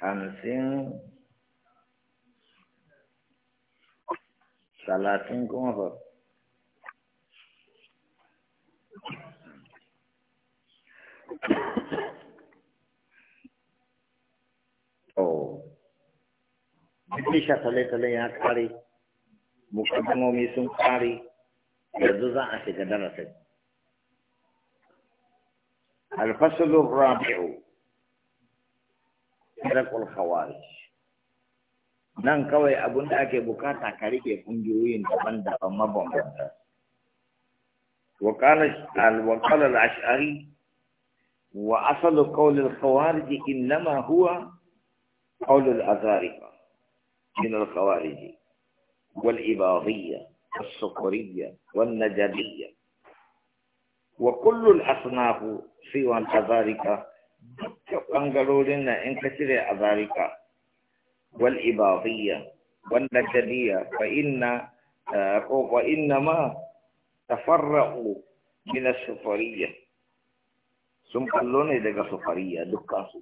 hamsin salatin kuma ba oh nisha tale-tale ya kare mukaddamomi sun kare yanzu za a shiga darasin alfasalin rabi'u firakul khawarij nan kawai abin da ake bukata ka rike kungiyoyin daban-daban mabambanta وقال وقال الأشعري وأصل قول الخوارج إنما هو قول الأزارقة من الخوارج والإباضية والسكرية والنجدية وكل الأصناف سوى الأزارقة dukkan ɓangarorin nan in ka cire a zarika wal ibadiyya wanda jadiya fa inna ko fa inna ma tafarra'u min as-sufariyya sun kallo ne daga sufariyya dukkan su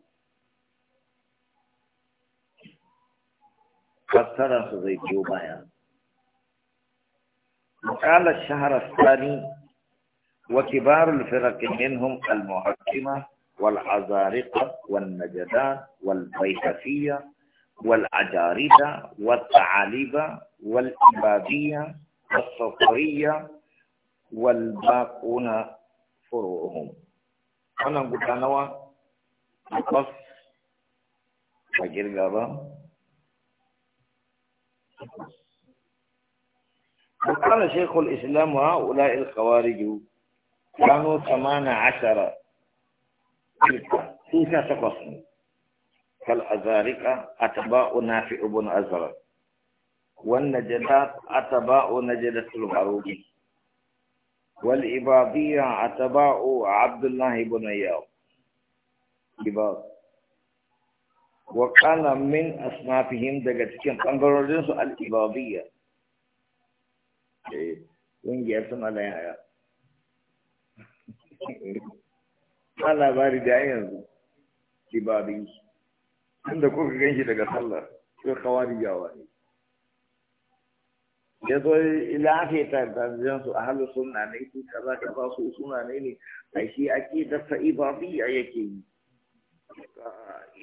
kasara su zai biyo baya مقال الشهر الثاني وكبار الفرق منهم المحكمة والعزارقة والنجدان والبيهقية والعجاردة والثعالبة والإبادية والصفرية والباقون فروعهم أنا قلت أنا القص فجر قضاء وقال شيخ الإسلام هؤلاء الخوارج كانوا ثمان عشر تلك تقصني كالأزارقة أتباء نافع بن أزرق والنجدات أتباء نجدة الغروب والإبادية أتباء عبد الله بن إياب إباد وقال من أصنافهم دقتكم أنظروا جنس الإبادية إيه وين جاءتنا لها ba labari da yanzu shi. inda kuka gan shi daga sallar ko kawari yawa ne ya zo ilafe ta zanzan su a halin suna ne su kaza ka ba su suna ne ne a shi ake dafa ibabiya yake yi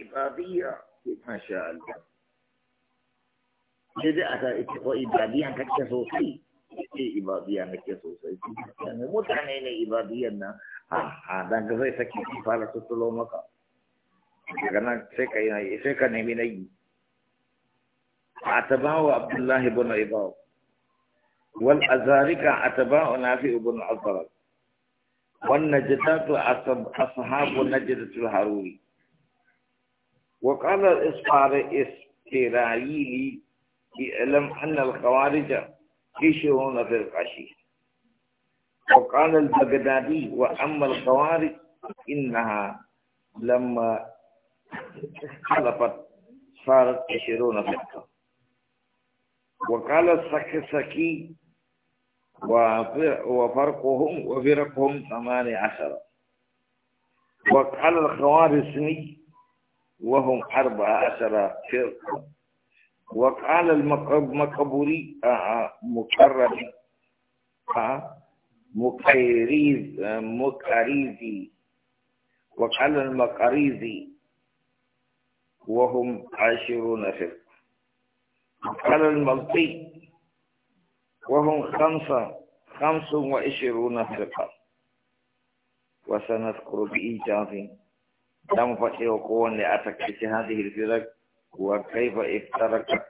ibabiya ke masha alba sai dai a ta ita ko ibabiya kake sosai ke ibabiya nake sosai mutane ne ibabiyan nan A'a dan ka zai saki ki fara tuttulo maka daga nan sai ka yi sai ka nemi na yi a abdullahi bin ibaw wal azarika a nafi ibn azraq wan najdatu ashabu najdatul haruri wa qala al-isfari istirayili bi alam anna al-khawarij kishun fi al-qashi وقال البغدادي وأما الخوارج إنها لما اختلفت صارت عشرون فرقة وقال السكسكي وفرقهم وفرقهم ثماني عشر وقال الخوارزمي وهم أربعة عشر فرقة وقال المقبوري آه، آه، مقرب آه، مكيريز مكريزي وقال المكريزي وهم عشرون فرقة وقال الملطي وهم خمسة خمس وعشرون فرقة وسنذكر بإيجاز دم فتح لأتكت هذه الفرق وكيف افترقت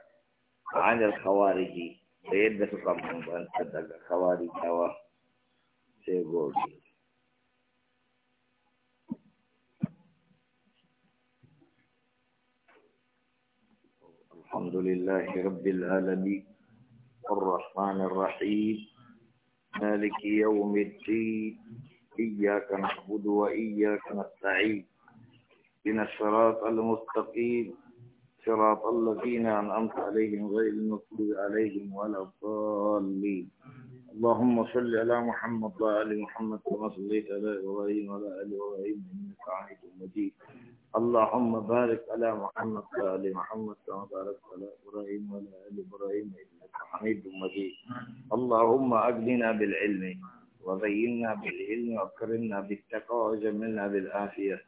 عن الخوارج سيدة تدق الخوارج sai الحمد لله رب العالمين الرحمن الرحيم مالك يوم الدين إياك نعبد وإياك نستعين بنا الصراط المستقيم صراط الذين أنعمت عليهم غير المغضوب عليهم ولا الضالين اللهم صل على محمد وآل محمد كما صليت على إبراهيم وعلى آل إبراهيم إنك حميد مجيد اللهم بارك على محمد وآل محمد كما باركت على إبراهيم وعلى آل إبراهيم إنك حميد مجيد اللهم أجلنا بالعلم وزينا بالعلم وأكرمنا بالتقوى وجملنا بالعافية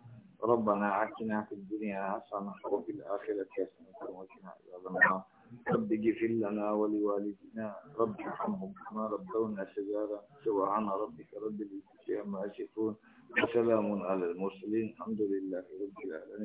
ربنا اعتنا في الدنيا حسنة وفي الآخرة حسنة وقنا عذاب النار رب اغفر لنا ولوالدنا رب ارحمهم كما ربونا صغارا سبحان ربك رب العزة عما يصفون وسلام على المرسلين الحمد لله رب العالمين